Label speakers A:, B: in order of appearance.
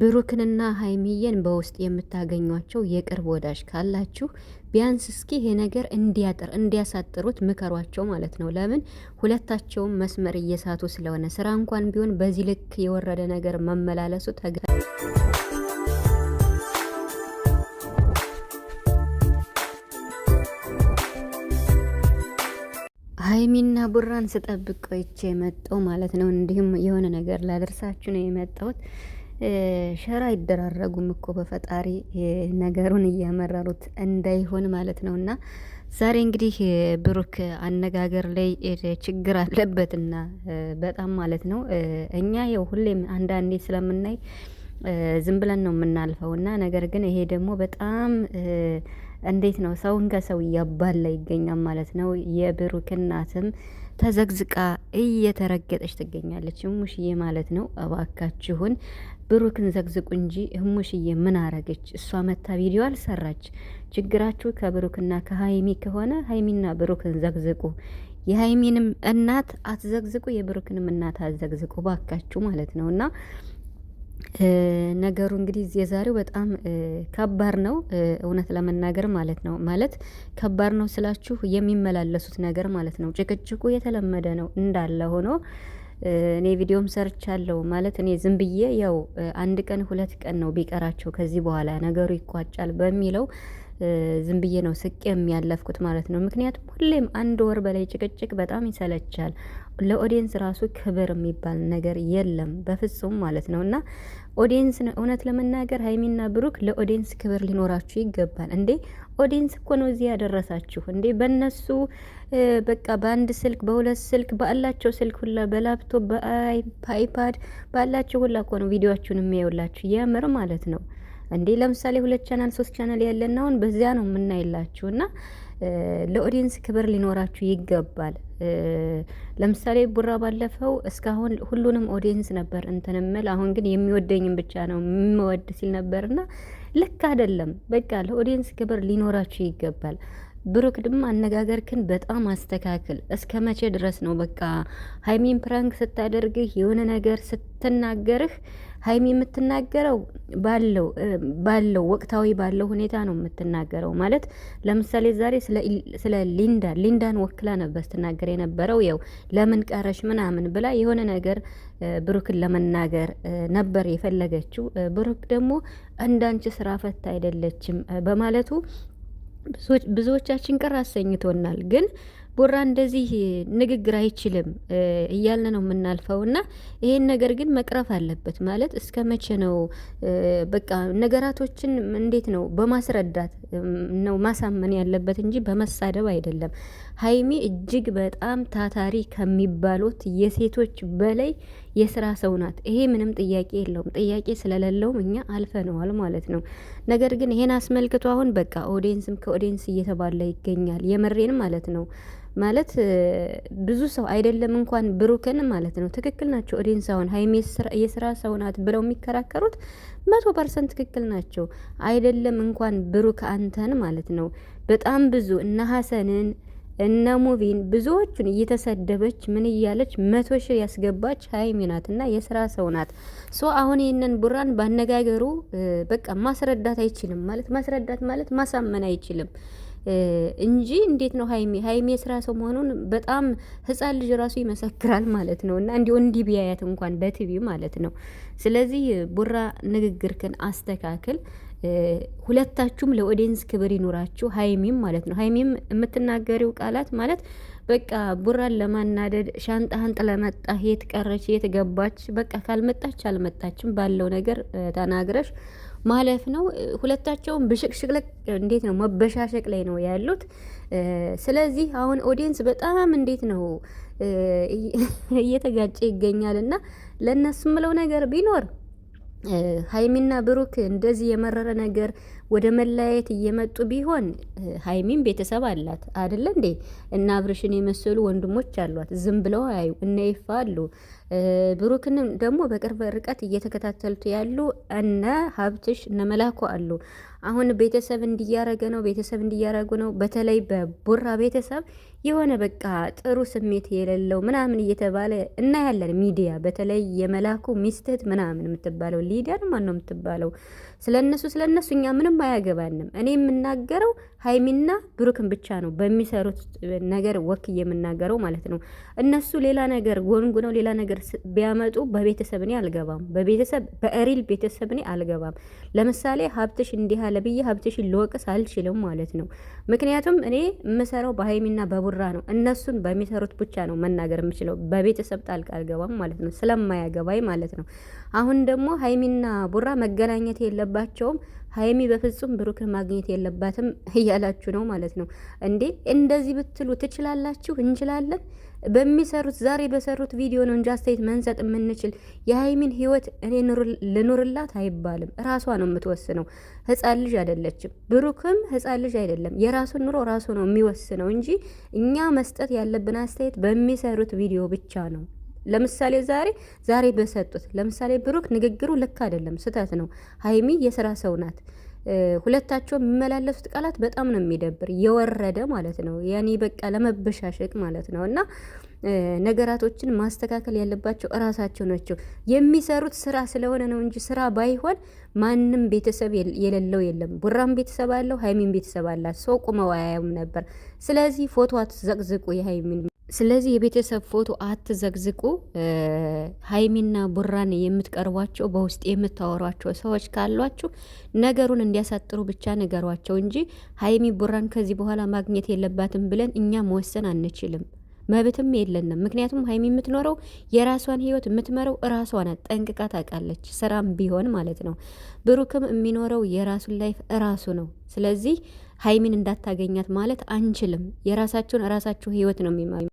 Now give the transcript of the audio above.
A: ብሩክንና ሀይሚዬን በውስጥ የምታገኟቸው የቅርብ ወዳጅ ካላችሁ ቢያንስ እስኪ ይሄ ነገር እንዲያጥር እንዲያሳጥሩት ምከሯቸው ማለት ነው። ለምን ሁለታቸውም መስመር እየሳቱ ስለሆነ ስራ እንኳን ቢሆን በዚህ ልክ የወረደ ነገር መመላለሱ ተገ ሀይሚና ቡራን ስጠብቅ ቆይቼ የመጣው ማለት ነው። እንዲሁም የሆነ ነገር ላደርሳችሁ ነው የመጣሁት ሸራ አይደራረጉም እኮ በፈጣሪ ነገሩን እያመረሩት እንዳይሆን ማለት ነው። እና ዛሬ እንግዲህ ብሩክ አነጋገር ላይ ችግር አለበትና በጣም ማለት ነው። እኛ ያው ሁሌም አንዳንዴ ስለምናይ ዝም ብለን ነው የምናልፈው እና ነገር ግን ይሄ ደግሞ በጣም እንዴት ነው ሰውን ከሰው እያባላ ይገኛል ማለት ነው። የብሩክ እናትም ተዘግዝቃ እየተረገጠች ትገኛለች። እሙሽዬ ማለት ነው እባካችሁን ብሩክን ዘግዝቁ እንጂ እሙሽዬ ምን አረገች? እሷ መታ ቪዲዮ አልሰራች። ችግራችሁ ከብሩክና ከሀይሚ ከሆነ ሀይሚና ብሩክን ዘግዝቁ። የሀይሚንም እናት አትዘግዝቁ፣ የብሩክንም እናት አትዘግዝቁ ባካችሁ ማለት ነው እና ነገሩ እንግዲህ የዛሬው በጣም ከባድ ነው፣ እውነት ለመናገር ማለት ነው። ማለት ከባድ ነው ስላችሁ የሚመላለሱት ነገር ማለት ነው። ጭቅጭቁ የተለመደ ነው እንዳለ ሆኖ እኔ ቪዲዮም ሰርቻለሁ ማለት እኔ ዝም ብዬ ያው አንድ ቀን ሁለት ቀን ነው ቢቀራቸው ከዚህ በኋላ ነገሩ ይቋጫል በሚለው ዝም ብዬ ነው ስቅ የሚያለፍኩት ማለት ነው። ምክንያቱም ሁሌም አንድ ወር በላይ ጭቅጭቅ በጣም ይሰለቻል። ለኦዲየንስ ራሱ ክብር የሚባል ነገር የለም በፍጹም ማለት ነው። እና ኦዲየንስ እውነት ለመናገር ሀይሚና ብሩክ ለኦዲየንስ ክብር ሊኖራችሁ ይገባል እንዴ! ኦዲየንስ እኮ ነው እዚህ ያደረሳችሁ እንዴ! በእነሱ በቃ በአንድ ስልክ፣ በሁለት ስልክ፣ በአላቸው ስልክ ሁላ በላፕቶፕ፣ በአይፓድ ባላቸው ሁላ እኮ ነው ቪዲዮችሁን የሚያዩላችሁ የምር ማለት ነው። እንዴ ለምሳሌ ሁለት ቻናል ሶስት ቻናል ያለናውን በዚያ ነው የምናይላችሁ። እና ለኦዲየንስ ክብር ሊኖራችሁ ይገባል። ለምሳሌ ቡራ ባለፈው እስካሁን ሁሉንም ኦዲየንስ ነበር እንትን እምል አሁን ግን የሚወደኝም ብቻ ነው የምወድ ሲል ነበርና ልክ አይደለም። በቃ ለኦዲየንስ ክብር ሊኖራችሁ ይገባል። ብሩክ ድም አነጋገርክን በጣም አስተካክል። እስከ መቼ ድረስ ነው በቃ ሀይሚን ፕራንክ ስታደርግህ የሆነ ነገር ስትናገርህ ሀይሚ የምትናገረው ባለው ባለው ወቅታዊ ባለው ሁኔታ ነው የምትናገረው። ማለት ለምሳሌ ዛሬ ስለ ሊንዳ ሊንዳን ወክላ ነበር ስትናገር የነበረው ያው ለምን ቀረሽ ምናምን ብላ የሆነ ነገር ብሩክን ለመናገር ነበር የፈለገችው። ብሩክ ደግሞ እንዳንቺ ስራ ፈት አይደለችም በማለቱ ብዙዎቻችን ቅር አሰኝቶናል። ግን ቦራ እንደዚህ ንግግር አይችልም እያልን ነው የምናልፈው እና ይሄን ነገር ግን መቅረፍ አለበት ማለት እስከ መቼ ነው? በቃ ነገራቶችን እንዴት ነው በማስረዳት ነው ማሳመን ያለበት እንጂ በመሳደብ አይደለም። ሀይሚ እጅግ በጣም ታታሪ ከሚባሉት የሴቶች በላይ የስራ ሰው ናት። ይሄ ምንም ጥያቄ የለውም። ጥያቄ ስለሌለውም እኛ አልፈነዋል ማለት ነው። ነገር ግን ይሄን አስመልክቶ አሁን በቃ ኦዲየንስም ከኦዲየንስ እየተባለ ይገኛል። የምሬን ማለት ነው። ማለት ብዙ ሰው አይደለም እንኳን ብሩክን ማለት ነው። ትክክል ናቸው። ኦዲየንስ አሁን ሀይሚ የስራ ሰው ናት ብለው የሚከራከሩት መቶ ፐርሰንት ትክክል ናቸው። አይደለም እንኳን ብሩክ አንተን ማለት ነው በጣም ብዙ እነ ሀሰንን እነ ሙቪን ብዙዎቹን እየተሰደበች ምን እያለች መቶ ሺህ ያስገባች ሀይሚ ናት እና የስራ ሰው ናት። ሶ አሁን ይህንን ቡራን ባነጋገሩ በቃ ማስረዳት አይችልም ማለት ማስረዳት ማለት ማሳመን አይችልም እንጂ እንዴት ነው ሀይሚ ሀይሚ የስራ ሰው መሆኑን በጣም ህፃን ልጅ ራሱ ይመሰክራል ማለት ነው። እና እንዲሁ እንዲህ ቢያያት እንኳን በቲቪ ማለት ነው። ስለዚህ ቡራ ንግግርክን አስተካክል። ሁለታችሁም ለኦዲየንስ ክብር ይኖራችሁ። ሀይሚም ማለት ነው ሀይሚም የምትናገሪው ቃላት ማለት በቃ ቡራን ለማናደድ ሻንጣህን ጥለመጣ የት ቀረች፣ የት ገባች፣ በቃ ካልመጣች አልመጣችም ባለው ነገር ተናግረሽ ማለፍ ነው። ሁለታቸውም ብሽቅሽቅለቅ እንዴት ነው መበሻሸቅ ላይ ነው ያሉት። ስለዚህ አሁን ኦዲየንስ በጣም እንዴት ነው እየተጋጨ ይገኛል እና ለእነሱ ምለው ነገር ቢኖር ሀይሚና ብሩክ እንደዚህ የመረረ ነገር ወደ መለያየት እየመጡ ቢሆን ሀይሚም ቤተሰብ አላት አደለ እንዴ? እና አብርሽን የመሰሉ ወንድሞች አሏት። ዝም ብለው አያዩ። እነ ይፋ አሉ ብሩክንም ደግሞ በቅርብ ርቀት እየተከታተሉት ያሉ እነ ሀብትሽ እነ መላኩ አሉ። አሁን ቤተሰብ እንዲያረገ ነው፣ ቤተሰብ እንዲያረጉ ነው። በተለይ በቡራ ቤተሰብ የሆነ በቃ ጥሩ ስሜት የሌለው ምናምን እየተባለ እናያለን ሚዲያ። በተለይ የመላኩ ሚስትህት ምናምን የምትባለው ሊዲያን ማን ነው የምትባለው? ስለነሱ ስለነሱ እኛ ምንም አያገባንም። እኔ የምናገረው ሀይሚና ብሩክን ብቻ ነው በሚሰሩት ነገር ወክ የምናገረው ማለት ነው። እነሱ ሌላ ነገር ጎንጉነው ሌላ ነገር ነገር ቢያመጡ በቤተሰብ እኔ አልገባም። በቤተሰብ በሪል ቤተሰብ እኔ አልገባም። ለምሳሌ ሀብትሽ እንዲህ አለ ብዬ ሀብትሽን ልወቅስ አልችልም ማለት ነው። ምክንያቱም እኔ የምሰራው በሀይሚና በቡራ ነው። እነሱን በሚሰሩት ብቻ ነው መናገር የምችለው። በቤተሰብ ጣልቃ አልገባም ማለት ነው፣ ስለማያገባኝ ማለት ነው። አሁን ደግሞ ሀይሚና ቡራ መገናኘት የለባቸውም። ሀይሚ በፍጹም ብሩክን ማግኘት የለባትም እያላችሁ ነው ማለት ነው እንዴ? እንደዚህ ብትሉ ትችላላችሁ? እንችላለን። በሚሰሩት ዛሬ በሰሩት ቪዲዮ ነው እንጂ አስተያየት መንሰጥ የምንችል። የሀይሚን ህይወት እኔ ልኑርላት አይባልም። ራሷ ነው የምትወስነው። ህፃን ልጅ አይደለችም። ብሩክም ህፃን ልጅ አይደለም። የራሱን ኑሮ ራሱ ነው የሚወስነው እንጂ እኛ መስጠት ያለብን አስተያየት በሚሰሩት ቪዲዮ ብቻ ነው። ለምሳሌ ዛሬ ዛሬ በሰጡት ለምሳሌ ብሩክ ንግግሩ ልክ አይደለም፣ ስህተት ነው። ሀይሚ የስራ ሰው ናት። ሁለታቸው የሚመላለሱት ቃላት በጣም ነው የሚደብር፣ የወረደ ማለት ነው። ያኔ በቃ ለመበሻሸቅ ማለት ነው። እና ነገራቶችን ማስተካከል ያለባቸው እራሳቸው ናቸው። የሚሰሩት ስራ ስለሆነ ነው እንጂ ስራ ባይሆን ማንም ቤተሰብ የሌለው የለም። ቡራም ቤተሰብ አለው፣ ሀይሚን ቤተሰብ አላት። ሰው ቁመው አያዩም ነበር። ስለዚህ ፎቶ አትዘቅዝቁ የሀይሚን ስለዚህ የቤተሰብ ፎቶ አትዘግዝቁ። ሀይሚና ቡራን የምትቀርቧቸው በውስጥ የምታወሯቸው ሰዎች ካሏችሁ ነገሩን እንዲያሳጥሩ ብቻ ነገሯቸው እንጂ ሀይሚ ቡራን ከዚህ በኋላ ማግኘት የለባትም ብለን እኛ መወሰን አንችልም፣ መብትም የለንም። ምክንያቱም ሀይሚ የምትኖረው የራሷን ህይወት የምትመረው እራሷ ናት፣ ጠንቅቃ ታውቃለች። ስራም ቢሆን ማለት ነው። ብሩክም የሚኖረው የራሱን ላይፍ እራሱ ነው። ስለዚህ ሀይሚን እንዳታገኛት ማለት አንችልም። የራሳችሁን ራሳቸው ህይወት ነው የሚመ